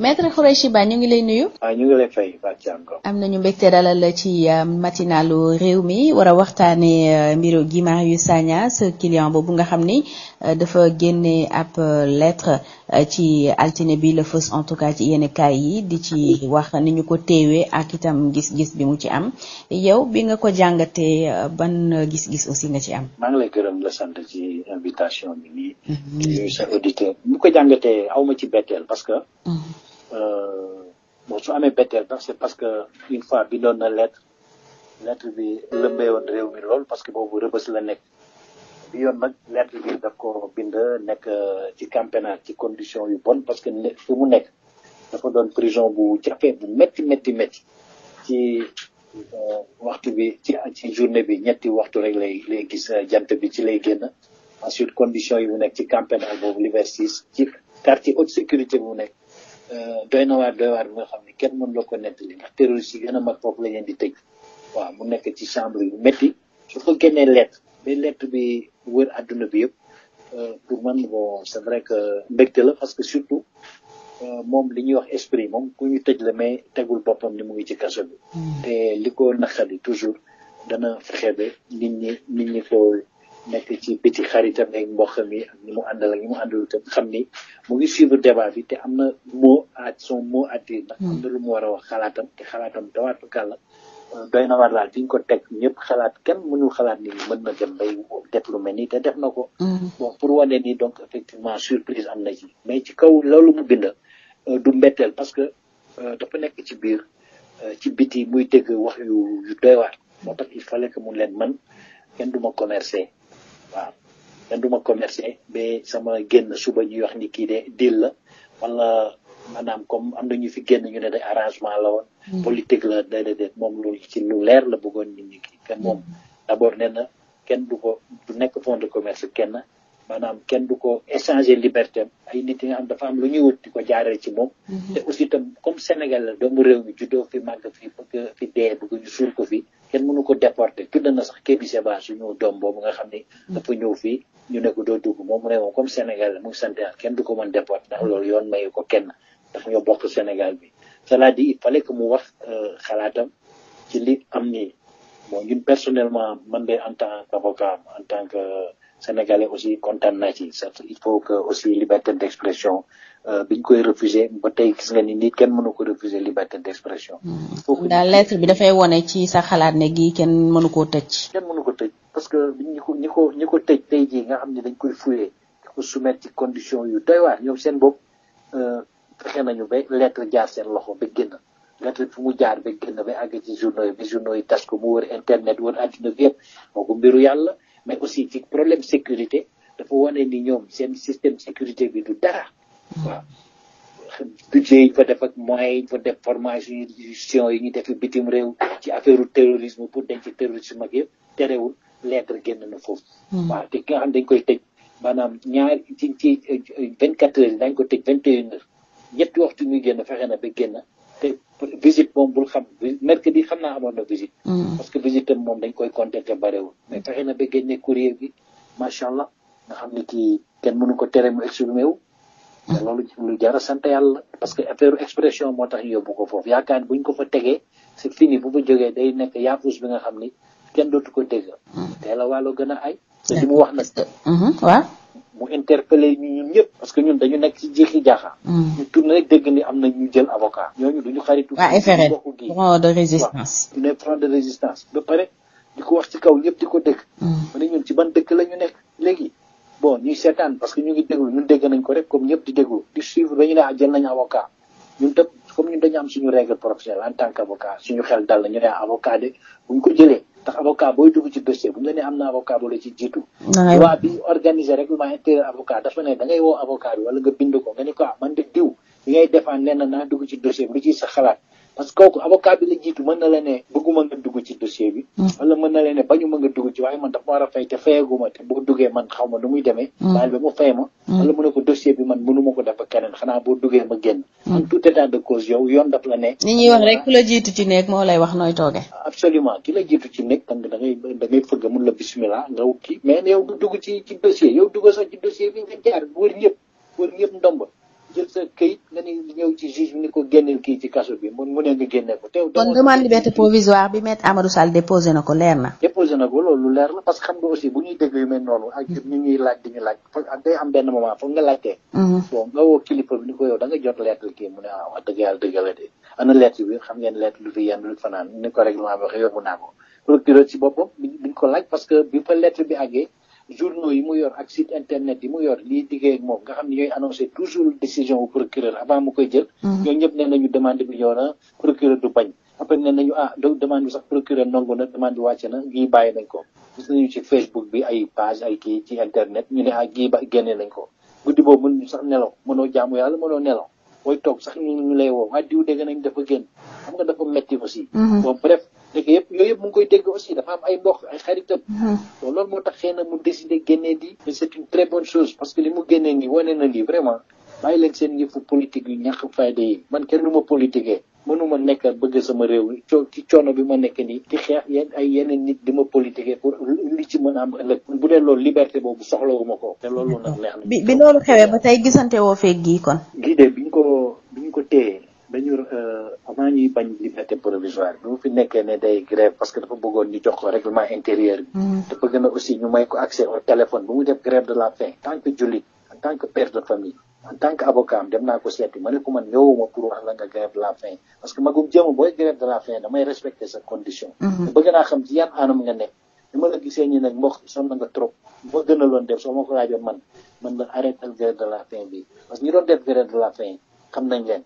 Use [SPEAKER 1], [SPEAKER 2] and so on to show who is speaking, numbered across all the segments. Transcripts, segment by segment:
[SPEAKER 1] maître Khoureychi Ba ñu ngi lay nuyu. am ah, na ñu fay am nañu mbégte dalal ci um, matinalu réew mi wara a waxtaanee uh, mbiru Guy yu Sagna sa boobu nga xam ni uh, dafa génne ab uh, lettre ci altine bi la fës en tout cas ci yenn kaay yi di ci wax ni ñu ko teewee ak itam gis-gis bi mu ci am yow bi nga ko jàngate ban gis-gis aussi nga ci am.
[SPEAKER 2] su amee betteel nag c'est parce que une fois bi doon na lettre lettre bi lëmbee woon réew mi lool parce que boobu rëbës la nekk bi yoon nag lettre bi daf ko nekk euh, ci camp pénal ci condition yu bon parce que fi mu nekk dafa doon prison bu jafe bu métti métti métti ci euh, waxtu bi ci ci journée bi ñetti waxtu rek lay lay gis euh, jant bi ci lay génn ensuite condition yi mu nekk ci camp pénal boobu ci 6 ci quartier sécurité bu nekk Euh, doy na waar doy waar bi xam ne kenn mën la ko nettali ndax terroriste yi a mag foofu la leen di tëj waaw mu nekk ci chambre yu métti su ko génnee lettre ba bi wër àdduna bi yëpp euh, pour man bon c' est vrai que mbégte la parce que surtout euh, moom li ñuy wax esprit moom ku ñu tëj la mais tegul boppam ni mu ngi ci kaso bi. Hmm. te li ko naqari toujours dana fexe nit ñi nit ñi ko nekk ci biti xaritam ak mbokkam yi ak mu àndal ak ñi mu àndal itam xam ni mu ngi suivre débat bi te am na mot a son mot à dire ndax am na lu mu war a wax xalaatam te xalaatam dawaatu kàlla doy na war daal fi ñu ko teg ñëpp xalaat kenn mënul xalaat ni mën na dem bay def lu mel te def na ko mm-hmm. bon pour wane nii donc effectivement surprise am na ci mais ci kaw loolu mu bind euh, du mbetteel parce que euh, dafa nekk ci biir euh, ci biti muy dégg wax yu yu doy waar moo tax ma commercer waaw man du ma commercer mais sama génn suba ñuy wax ni kii de deal la wala maanaam comme am na ñu fi génn ñu ne day arrangement la woon. Hmm. politique la déedéet moom lu ci lu leer la bëggoon nit ñi kii moom hmm. d'abord nee na kenn du ko nekk fond de commerce kenn maanaam kenn du ko échanger liberté am ay nit yi nga xam lu ñuy wut di ko jaaree ci moom. Hmm. te aussi itam comme Sénégal la doomu réew mi juddoo fi màgg fi dee bëgg ñu suul ko fi. kenn mënu ko déporté tudd na sax Kébiseba suñu doom boobu nga xam ni. dafa ñëw fii ñu ne doo dugg moom mu ne moom comme Sénégal mu ngi sant kenn du ko mën déporté ndax loolu yoon mayu ko kenn dafa ñoo bokk Sénégal bi. cela dit il fallait mu wax euh, xalaatam ci li am ni bon ñun personnellement man de en tant qu'avocat en tant que. sénégalais aussi kontaan na ci ça il faut que aussi liberté d' expression euh, biñ koy refuser ba tey gis nga ni nit kenn mënu ko refuser liberté d' expression. Hmm.
[SPEAKER 1] foofu daal lettre bi dafay wone ci sax xalaat ne gii kenn mënu koo tëj.
[SPEAKER 2] kenn mënu ko tëj parce que ñi ko ñi ko ñi ko tëj tey jii nga xam ne dañ koy fuyee di ci condition yu doy waar ñoom seen bopp euh, fexe nañu ba lettre jaar seen loxo ba génn. lettre fu mu jaar be génn ba àgg ci journaux yi ba journaux yi tas ko mu wër internet wër àddina bi yëpp yàlla. mais aussi ci problème sécurité dafa wane ni ñoom seen système sécurité bi du dara. waaw budget yi fa def ak moyens yi ñu fa def formation yi ñu def bitim réew ci affaire terrorisme pour denc terrorisme ak yëpp terewul lettre génn na foofu. Hmm. waaw te xam dañ koy tëj maanaam ñaar ci ci vingt quatre heures dañ ko tëj vingt et une heures ñetti waxtu ñuy génn fexe na ba génn. visite moom bul xam mercredi xam naa na visite. Hmm. parce que visite am moom dañ koy compter te barewul. mais fexe na ba génne courrier bi macha allah nga xam ni kii kenn ko exprimé wu. te hmm. loolu lu jar a sant yàlla parce que affaire expression moo tax ñu yóbbu ko foofu yaakaar buñ ko fa tegee c'est fini bu fa jógee day nekk yaafus ba nga xam ni ken dootu ko dégg. Hmm. te la wàllu ga a ay. te li mu wax nag. mu interpellé ñu ñun ñëpp parce que ñun dañu nekk ci jeexi jaaxa. Hmm. ñu rek dégg ni am na ñu jël avocat. ñooñu ñu xaritu. waa FRN
[SPEAKER 1] front de résistance.
[SPEAKER 2] ñu ne front de résistance. pare di ko wax ci kaw ñëpp di ko dégg. Hmm. ma ne ñun ci ban dëkk la ñu nekk léegi. bon ñuy seetaan parce que ñu ngi déglu ñun dégg nañ ko rek comme ñëpp di déglu di suivre ba ñu ah, jël nañ avocat ñun tam comme ñu dañu am suñu règle professionnelle en tant qu' avocat suñu xel dal na ñu ne avocat de bu ñu ko jëlee ndax avocat booy dugg ci dossier bu ñu la am na avocat la ci jiitu. Ah loi bi organiser règlement intérieur avocat dafa ne da ngay woo avocat wala nga bind ko nga ni ko ah, man de diw li ngay défendre na naa dugg ci dossier bi lu ciy sa xalaat. parce que kooku avocat bi la jiitu mën na la ne bëgguma nga dugg ci dossier bi. Mm. wala mën na la ne bañuma nga dugg ci waaye man dafa war a fay te fayaguma te boo duggee man xaw ma mm. mm. ne ni ñuy wax
[SPEAKER 1] rek ku la jiitu ci nekk moo lay wax nooy toogee.
[SPEAKER 2] absolument ki la jiitu ci nekk da ngay mun la bismillah nga kii mais yow du dugg ci ci dossier yow dugg sax ci dossier bi nga jaar wër ñëpp wër ñëpp ndomba jël sa këyit nga ni ñëw ci juge bi ni ko génneel kii ci kaso bi mu ne nga génne ko. teew kon demande liberté
[SPEAKER 1] provisoire bi maître Amadou Sall déposé na ko leer na.
[SPEAKER 2] déposé na ko loolu leer na parce que xam nga aussi bu ñuy dégg yu mel noonu. ak mm-hmm. ñu ñuy laaj di ñu laaj foog am benn moment foog nga laajtee. Mm-hmm. bon nga woo kilifa bi ni ko yow da jot lettre kii mu ne ah wax dëgg yàlla la de ana lettre bi xam ngeen lettre lu fi yenn fanaan ni ko règlement journaux yi mu yor ak site internet yi mu yor liy liggéey ak moom nga xam ne ñooy annoncé toujours décision bu procureur avant mu koy jël mhm. ñooñu ñëpp nee nañu demande bi ñëw na procureur du bañ après nee nañu ah demande bi sax procureur nangu na demande bi wàcce na gii bàyyi nañ ko gis nañu ci Facebook bi ay page ay kii ci internet ñu ne ah gii ba génne lañ ko guddi boobu mënuñu sax nelaw mënoo jaamu yàlla mënoo nelaw booy toog sax ñu ñu lay woo waaye diw dégg nañ dafa génn xam nga dafa metti aussi mhm. bon bref dégg yëpp yooyu yëpp mu koy dégg aussi dafa am ay mbokk ay xaritam mhm. bon loolu moo tax xëy na mu décidé génnee di mais c'est une très bonne chose parce que li mu génnee nii wane na lii vraiment bàyyi leen seen yëfu politique yu ñàkk fayda yi man kenn du ma politiquee mënuma nekk bëgg sama réew coo coono bi ma nekk nii di xeex yenn ay yeneen nit di ma politiquer pour li ci mën bu dee loolu liberté boobu soxlawu ma ko te loolu nag neex na.
[SPEAKER 1] bi bi loolu xewee ba tey
[SPEAKER 2] ko biñ ko téye dañu euh, avant ñuy bañ liberté provisoire bi mu fi nekkee ne day grève parce que dafa bëggoon ñu jox ko règlement intérieur bi. te bëgg na aussi ñu may ko accès au téléphone bu mu def grève de la faim tant que jullit. tant que père de famille en tant que avocat am dem naa ko seeti ma ne ko man ñëwuma pour wax la nga grève de la faim parce que magum jëm booy grève de la faim damay respecter sa condition mhm. bëgg naa xam ci yan anam nga nekk li ma la gisee ñi nag mboq sonn nga trop boo gën a def soo ma ko laajoon man man la arrêtal grève de la faim bi parce que ñu doon def grève de la faim xam nañ leen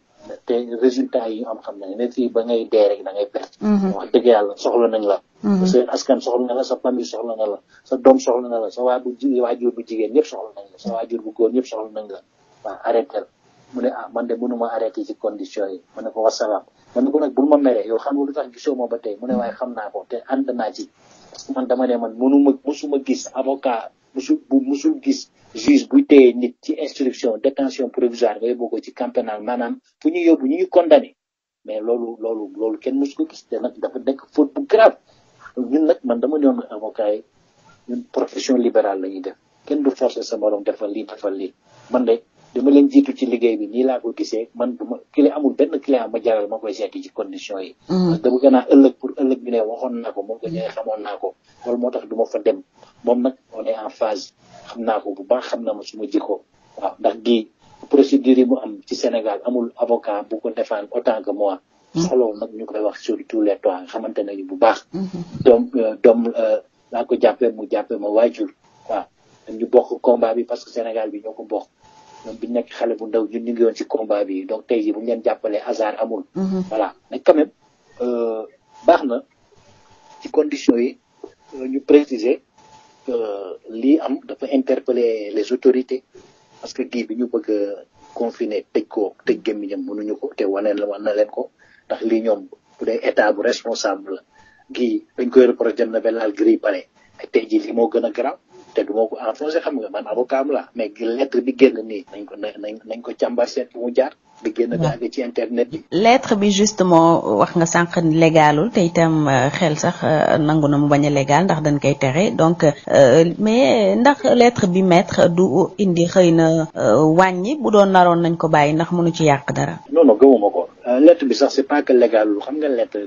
[SPEAKER 2] te résultat yi am xam na ne fii ba ngay dee rek da ngay perte mhm. wax dëgg yàlla soxla nañ la mhm. parce que askan soxla na la sa famille soxla na la sa doom soxla na la sa waa bu waajur bu jigéen ñëpp soxla nañ la sa waajur bu góor ñëpp soxla nañ la waaw arrêté la mu ne ah man de mënuma arrêté ci condition yi ma ne ko wasalaam ma ne ko nag bul ma mere yow xam nga lu tax gisoo ba tey mu ne waaye xam naa ko te ànd naa ci parce que man dama man mënuma mësuma gis avocat musul bu musul gis juge buy téye nit ci instruction détention provisoire ngay boo ko ci camp pénal maanaam fu ñu yóbbu ñu ngi condamné mais loolu loolu loolu kenn musu ko gis te nag dafa nekk faute bu grave ñun nag man dama doon avocat yi profession libérale la ñuy def kenn du forcer sa morom defal lii defal li man de dama leen jiitu ci liggéey bi nii laa ko gisee man du ma client amul benn client ma jaral ma koy seeti ci condition yi. parce mm. que dama a ëllëg pour ëllëg ñu ne waxoon naa ko moom ko ñëwee fa dem nag on en phase xam naa ko bu baax xam na ma su ma jikko waaw ndax gi procédure yi mu am ci Sénégal amul avocat bu ko défendre autant que moi. Mm. solo nag ñu koy wax sur le les toits xamante nañu bu baax. Mm-hmm. doom euh, doom euh, laa ko jàppee mu jàppee ma waajur waaw ñu bokk combat bi parce que Sénégal bi ñoo ko bokk. ñoom bi nekk xale bu ndaw ñu ngi woon ci combat bi donc tey jii bu ñu leen jàppalee hasard amul. Mhm. voilà mais quand euh, baax na ci conditions yi euh, ñu préciser euh, lii am dafa interpeller les autorités parce que kii bi ñu bëgg a confiner tëj ko tëj gémmiñam mënuñu ko te wane la wan na leen ko ndax lii ñoom bu dee état bu responsable la kii dañ koy reproché dem na ba laal gris palais tey jii moo gën a garaaw. te du ma ko enfoncé xam nga man avocat la mais lettre bi génn nii nañ ko nañ nañ ko càmbar seet mu jaar di génn daal ci internet bi.
[SPEAKER 1] lettre bi justement wax nga sànq légalul te tam euh, xel sax euh, nangu na mu bañ a légal ndax dañ koy tere donc euh, mais ndax lettre bi maître du indi xëy na wàññi bu doon naroon nañ ko bàyyi ndax mënu ci yàq dara.
[SPEAKER 2] non non gëmuma ko lettre bi sax c'est pas légalul xam nga lettre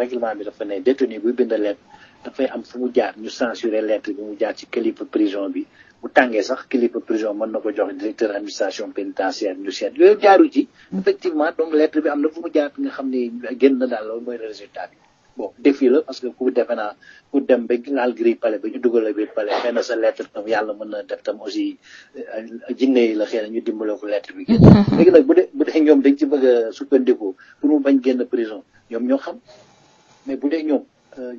[SPEAKER 2] règlement bi dafa ne détenu bu bind lettre. dafay am fu mu jaar ñu censuré lettre bi mu jaar ci kilifa prison bi bu tàngee sax kilifa prison mën na ko jox directeur administration pénitentiaire ñu seet yooyu jaaru ci effectivement donc lettre bi am na fu mu jaar nga xam ni génn na daal loolu mooy résultat bi bon défi la parce que ku defe naa ku dem ba laal la biir na sa lettre tam yàlla mën na def tam aussi euh, jinne la xëy na ñu dimbale ko lettre bi génn léegi nag bu dee bu dee ñoom dañ ci bëgg a pour mu bañ génn prison ñoom ñoo xam mais bu dee ñoom euh,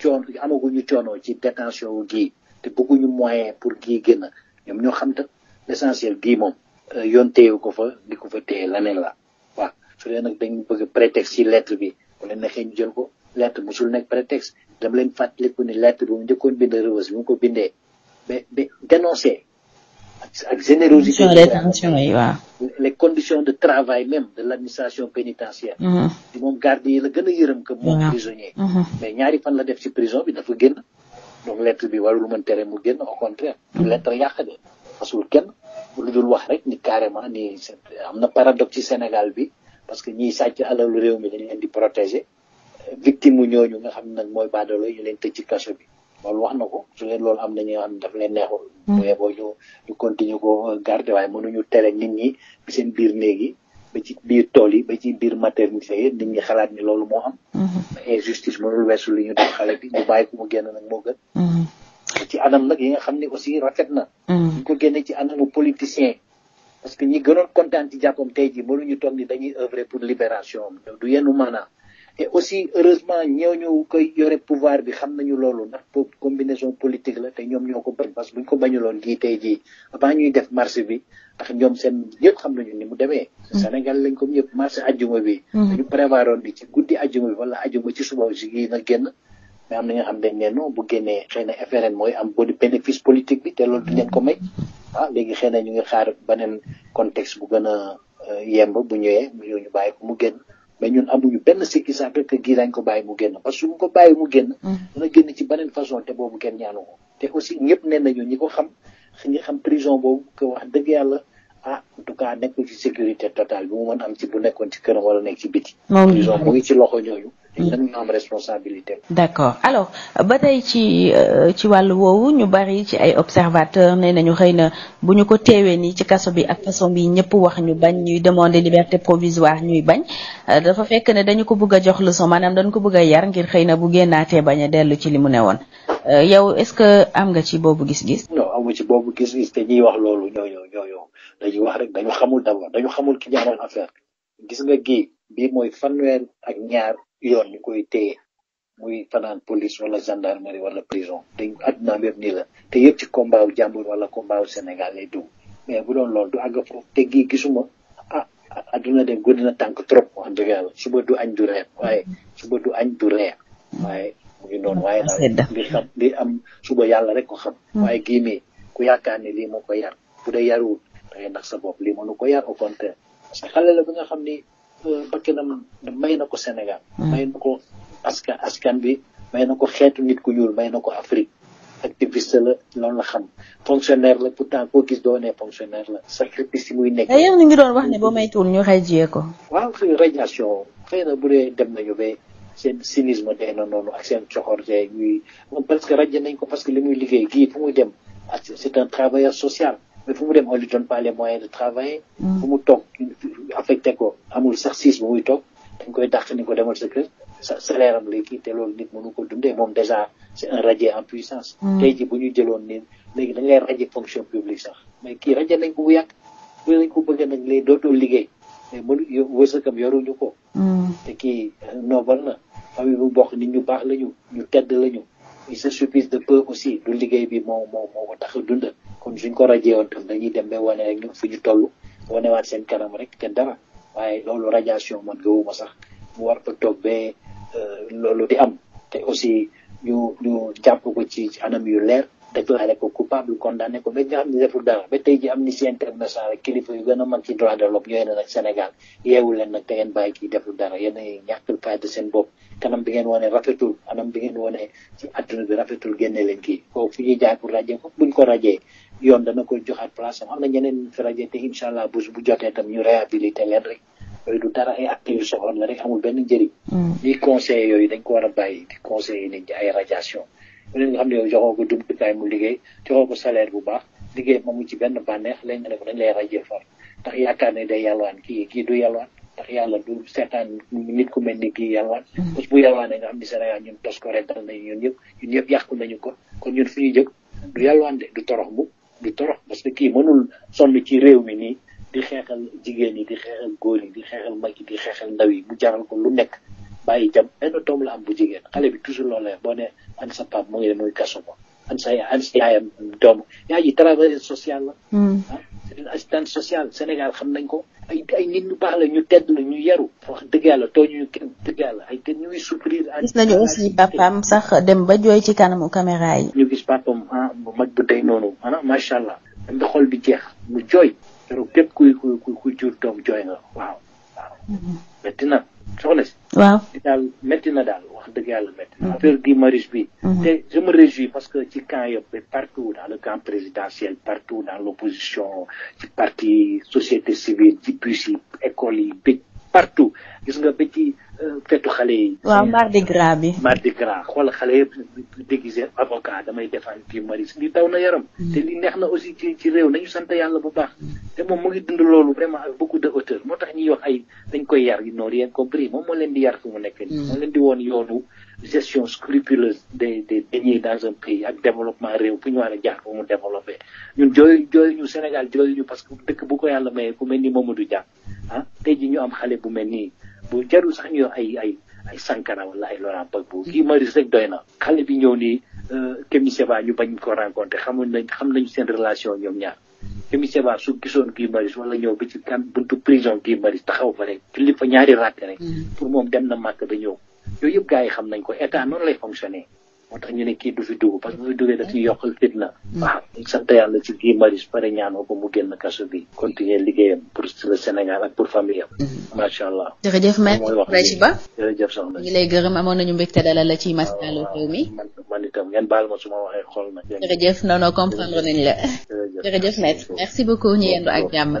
[SPEAKER 2] coono amaguñu coono ci détention wu gii te bëgguñu moyen pour gii génn ñoom ñoo xam te l'essentiel gii moom euh, yoon téyewu ko fa di ko fa téye leneen la waaw su dee nag dañ bëgg prétexte ci lettre bi wala nexee ñu jël ko lettre musul nekk prétexte dama leen fàttaliku ni lettre bi mu njëkkoon bind rëwës bi mu ko bindee mais mais dénoncé ak générosité les conditions de travail même de l'administration pénitentiaire mm-hmm. di moom gardien yi la gën a yërëm que moom prisonnier mm-hmm. mais ñaari fan la def ci prison bi dafa génn donc bi warul mën tere mu génn au contraire mm-hmm. lettre yàq de fasul lu dul wax rek ni carrément ni am na paradoxe ci Sénégal bi parce que ñiy sàcc alalu réew mi dañ leen di protéger victime ñooñu nga xam nag mooy baadoolo ñu leen tëj ci kaso bi loolu wax na ko su leen loolu am na ñi nga da ne daf bu yeboo ñu ñu continuer ko garder waaye mënuñu tere nit ñi bi seen biir néeg ba ci biir tool yi ba ci biir maternité yi nit ñi xalaat ni loolu moo am mm-hmm. injustice mënul weesu li ñu def xale bi ñu bàyyi ko mu génn nag moo gën mm-hmm. ci anam nag yi nga xam ne aussi rafet na mm-hmm. ñu ko génne ci anamu politicien parce que ñi gënoon kontaan ci jàppam tey ji mënuñu toog ni dañuy œuvrer pour libération du yenu maanaa te aussi heureusement ñëw ñu koy yore pouvoir bi xam nañu loolu ndax boobu combinaison politique la te ñoom ñoo ko bañ parce que bu ñu ko bañuloon jii tey jii avant ñuy def marché bi ndax ñoom seen ñëpp xam nañu ni mu demee. Mm-hmm. Sénégal lañ ko ñëpp marché ajjuma bi. Mm-hmm. dañu prévoir woon ni ci guddi ajjuma bi wala ajjuma ci suba aussi gii na génn. mais am na mooy am boo di bénéfice bi te loolu du leen ko may ah léegi xëy na ñu ngi xaar beneen contexte bu gën a euh, yemb bu ñëwee mu ñëw ñu bàyyi ko mu génn. mais ñun amuñu benn sikki sàkk que kii dañ ko bàyyi mu génn parce que suñu ko bàyyi mu génn mm. dana génn ci beneen façon te boobu kenn ñaanu ko te aussi ñëpp nee nañu ñi ko xam ñi xam prison boobu que wax dëgg yàlla ah en tout nekkul ci sécurité totale bi mu mën am ci bu nekkoon ci këram wala nekk ci biti prison mu ngi ci loxo ñooñu dañu am responsabilité.
[SPEAKER 1] ba tey ci euh, ci wàllu woowu ñu bari ci ay observateur nee nañu xëy na bu ñu ko teewee nii ci kaso bi ak façon bi ñëpp wax ñu bañ ñuy demander liberté provisoire ñuy bañ euh, dafa fekk ne dañu ko bëgg a jox leçon maanaam dañ ko bëgg yar ngir xëy na bu génnaatee bañ a dellu ci li mu ne woon euh, yow est-ce que am nga ci boobu gis-gis.
[SPEAKER 2] non amu ci boobu gis-gis te ñiy wax loolu ñooñu ñooñu dañuy wax rek dañu xamul d'abord dañu xamul ki ñaaroon affaire gis nga gi bii mooy fanweer ak ñaar. yoon ñu koy téye muy fanaan police wala gendarmerie wala prison te àdduna wépp nii la te yëpp ci wu jàmbur wala combat wu Sénégal lay dugg mais bu doon lool du àgg foofu te gii gisuma ah àdduna de gudd na tànk trop wax dëgg yàlla suba du añ du reer waaye suba du añ du reer waaye mu ngi daal li am suba yàlla rek ko xam hmm. waaye gii mii ku yaakaar ne lii moo ko yar bu de yaruwul da nax sa bopp lii mënu ko yar au contraire parce que xale la bi nga xam ni bakkanam may na ko Sénégal hmm. may na ko askan na xeetu nit ku ñuul may na ko Afrique activiste la loolu la xam fonctionnaire la pourtant koo gis doo ne fonctionnaire la sacrifice yi muy nekk. a eh, ni
[SPEAKER 1] ngi doon wax ne boo maytuwul ñu radié ko.
[SPEAKER 2] waaw radiation xëy na bu dee dem nañu ba seen cynisme dee na noonu ak seen coxorte ñuy parce que radié ko parce que li muy liggéey gii fu muy dem c'est un travailleur social mais mu dem on lui donne pas les de travailler. Hmm. fu mu toog ñu affecté ko amul sax siis bu muy toog dañ koy dàq ni ko demal sa kër sa salaire am lay kii te loolu nit mënu ko dundee moom déjà c'est un radié en puissance hmm. tey ji bu ñu jëloon nii léegi dañ lay radié fonction publique sax mais kii radié nañ ko bu yàgg bu nañ ko bëgg nañ lay dootoo liggéey mais yoruñu ko hmm. te kii euh, noobal na famille bu bokk nit ñu baax lañu ñu tedd lañu il se suffit de peu aussi du liggéey bi moo moo moo ko tax a dund kon suñ ko rajee woon tam dañuy boo newaat seen kanam rek kenn dara waaye loolu radiation man gëwuma sax mu war a toog ba loolu di am te aussi ñu ñu jàpp ko ci anam yu leer déclaré ko coupable condamné ko ba nga xam deful dara ba tey ji Amnesty International ak kilifa yu gën a mag ci droit de l'homme yooyu nag Sénégal yeewu leen nag te ngeen bàyyi kii deful dara yéen a ñàkkal fayda seen bi ngeen wone rafetul anam bi ngeen wone ci àdduna bi rafetul génne leen kii kooku rajee ko buñ ko rajee yoon dana koy joxaat place am na ñeneen fi rajee te incha allah bu jotee tam ñu réhabilité leen rek yooyu du dara ay soxoon la rek amul benn njëriñ. lii mm. conseil yooyu dañ ko war a bàyyi di conseiller nit ñi ay radiation beneen nga xam ne yow joxoo ko jumtukaay mu liggéey joxoo ko salaire bu baax liggéey moom ci benn bànneex léegi nga ne ko dañ lay rajee far ndax yaakaar ne day yalwaan kii du yalwaan ndax yàlla du seetaan nit ku mel ni kii yalwaan hmm. bés bu yalwaanee nga xam ne Sénégal ñun tos ko reddal nañu ñun yëpp ñun ñëpp yàqu nañu ko kon ñun fu ñu jëg du yalwaan de du torox bu du torox parce que kii mënul sonn ci réew mi nii di xeexal jigéen yi di xeexal góor yi di xeexal mag xeexal ndaw yi mu jaral ko lu nekk bàyyi jam benn doom la bu jigéen xale bi toujours loolu sa pap mu ngi dem muy kaso ba an sa an sa yaayam doom travailleur social la hmm. ah sociale Sénégal xam nañ ko ay ay ñu baax la ñu tedd la ñu yaru dëgg yàlla tooñu kenn yàlla ay te ñuy souffrir
[SPEAKER 1] gis nañu sax dem ba jooy ci kanamu caméra yi
[SPEAKER 2] ñu gis papaam ah, mag bu day noonu maanaam macha allah dem bi jeex mu jooy keroog kuy kuy kuy jur doom jooy nga waaw waaw maintenant hmm. soxna si waaw appelle Guy Marius bi mhm. te je me parce que ci camp yëpp partout dans le camp présidentiel partout dans l'opposition ci parti société civile ci bus yi école yi bég partout nga ba ci euh, fetu xale yi. waaw mardi gras bi. mardi gras déguisé avocat damay défendre kii Maris li daw na yaram. Mm. te li neex na aussi ci ci réew nañu sant yàlla bu baax. Mm. te moom mu ngi dund loolu vraiment avec beaucoup de hauteur moo tax ñuy wax ay dañ koy yar yi noonu yéen compris moom moo leen di yar fu mu nekk nii. Mm. moo leen di woon yoonu gestion scrupuleuse des des deniers dans un pays ak développement réew fu ñu war a jaar fu mu développé. ñun jooyu jooyu ñu Sénégal jooyu ñu parce que dëkk bu ko yàlla mayee ku mel ni Mamadou Dia ah tey ji ñu am xale bu mel nii bu jarul sax ñu ay ay. ay Sankara wala ay Laurent Gbagbo Guy Marius rek doy na xale bi ñëw nii euh, Kémi Séba ñu bañ ko rencontré xamuñ nañ xam nañ seen relation ñoom ñaar Kémi Séba su gisoon Guy Marius wala ñëw ba ci kan buntu prison Guy Marius taxaw fa rek julli fa ñaari ràkk rek mm. pour moom dem na màkk ba ñëw yooyu yëpp gars yi xam nañ ko état noonu lay fonctionner moo tax ñu ne kii du fi dugg parce que bu fi duggee daf ci yokkal fitna. waaw mm. ah, sant yàlla ci Guy Marius pare ñaanoo ko mu génn kaso bi continuer liggéeyam pour Sénégal ak pour famille am. Mm-hmm. macha allah. jërëjëf maître Khoureychi Ba. jërëjëf soxna ñu lay
[SPEAKER 1] gërëm amoon nañu mbégte dalal la ci matinale ah, réew mi.
[SPEAKER 2] man man itam ngeen baal ma su waxee xool na.
[SPEAKER 1] jërëjëf non non comprendre nañ la.
[SPEAKER 2] jërëjëf maître merci
[SPEAKER 3] beaucoup ñu yendu ak jàmm.